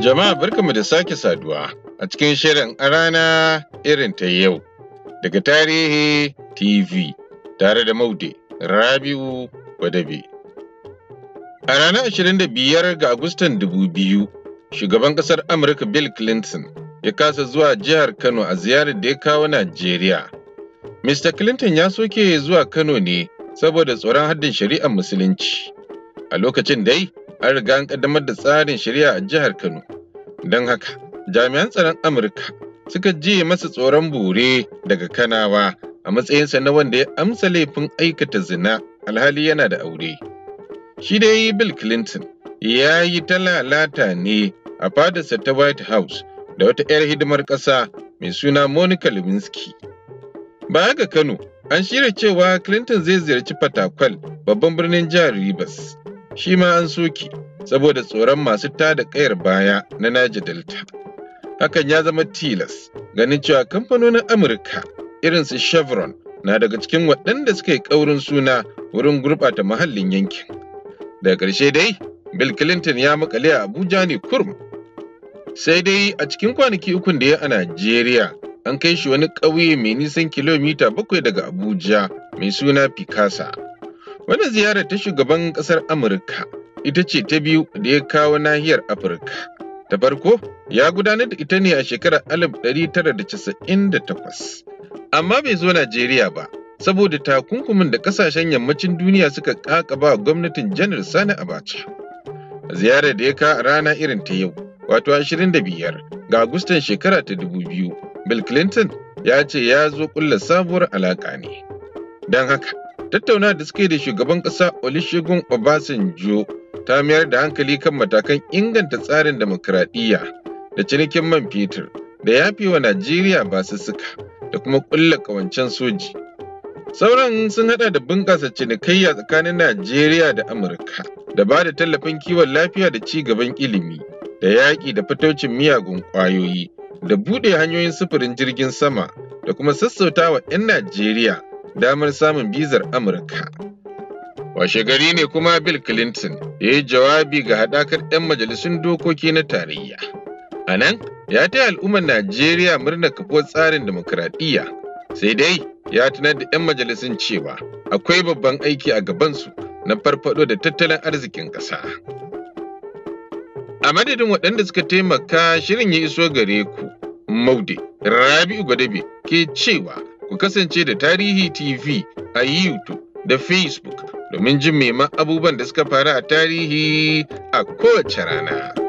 Jama'a mu da sake saduwa a cikin shirin rana irin ta yau daga tarihi TV tare da Maude Rabi'u Wadabe. A ranar 25 ga Agustan 2000, shugaban ƙasar Amurka Bill Clinton ya kasa zuwa jihar Kano a ziyarar da ya kawo Najeriya. Mr. Clinton ya soke zuwa Kano ne saboda tsoron haddin shari'ar Musulunci. A lokacin dai, an riga an kaddamar da tsarin shari'a a jihar Kano. Don haka, jami'an tsaron Amurka suka je masa tsoron bore daga Kanawa a matsayinsa na wanda ya amsa laifin aikata zina alhali yana da aure. Shi da dai Bill Clinton ya yi ta lalata ne a fadarsa ta White House da wata 'yar hidimar ƙasa mai suna Monica Lewinsky. Baya ga Kano, an shirya cewa Clinton zai ziyarci Fatakwal babban birnin jihar Rivers. shi ma an soke saboda tsoron masu tada kayar baya na Niger Delta. Hakan ya zama tilas ganin cewa kamfanonin Amurka irin su Chevron na daga cikin waɗanda suka yi ƙaurin suna wurin gurɓata muhallin yankin. Daga ƙarshe dai, Bill Clinton ya makale a Abuja ne kurum. Sai dai a cikin kwanaki ukun da ya a Najeriya, an kai shi wani ƙauye mai nisan kilomita bakwai daga Abuja mai suna Picasa. Wannan ziyarar ta shugaban ƙasar Amurka ita ce ta biyu da ya kawo nahiyar Afirka. Ta farko ya gudanar da ita ne a shekarar alif ɗari tara da da casa'in takwas, amma bai zo Najeriya ba, saboda takunkumin da ƙasashen yammacin duniya suka wa gwamnatin janar Sani Abacha. Ziyarar da ya kawo rana irin ta yau, wato ashirin da biyar, ga Agustan shekara ta 2000, Bill Clinton ya ce ya zo ƙulla sabuwar alaƙa ne. Don haka, Tattauna da suke da shugaban ƙasa Olusegun Obasanjo ta mayar da hankali kan matakan inganta tsarin demokradiyya da cinikin man fetur da fi wa Najeriya basussuka da kuma ƙulla ƙawancen soji. Sauran sun hada da bunƙasa cinikayya tsakanin Najeriya da Amurka da ba da tallafin kiwon lafiya da ci gaban ilimi da yaƙi da fitocin miyagun ƙwayoyi da buɗe hanyoyin sufurin jirgin sama da kuma sassautawa 'yan Najeriya damar samun bizar Amurka. Washe gari ne kuma Bill Clinton ya yi jawabi ga haɗakar 'yan majalisun dokoki na tarayya. A nan, ya taya al'ummar Najeriya murna kafuwar tsarin demokuraɗiyya, sai dai ya tunar da 'yan majalisun cewa akwai babban aiki a gabansu na farfaɗo da tattalin arzikin ƙasa. A madadin waɗanda suka taimaka shirin ya iso gare ku, Maude, Rabi'u Gwadabe ke cewa ku kasance da Tarihi TV a YouTube da Facebook domin jin meman abubuwan da suka faru a tarihi a kowace rana.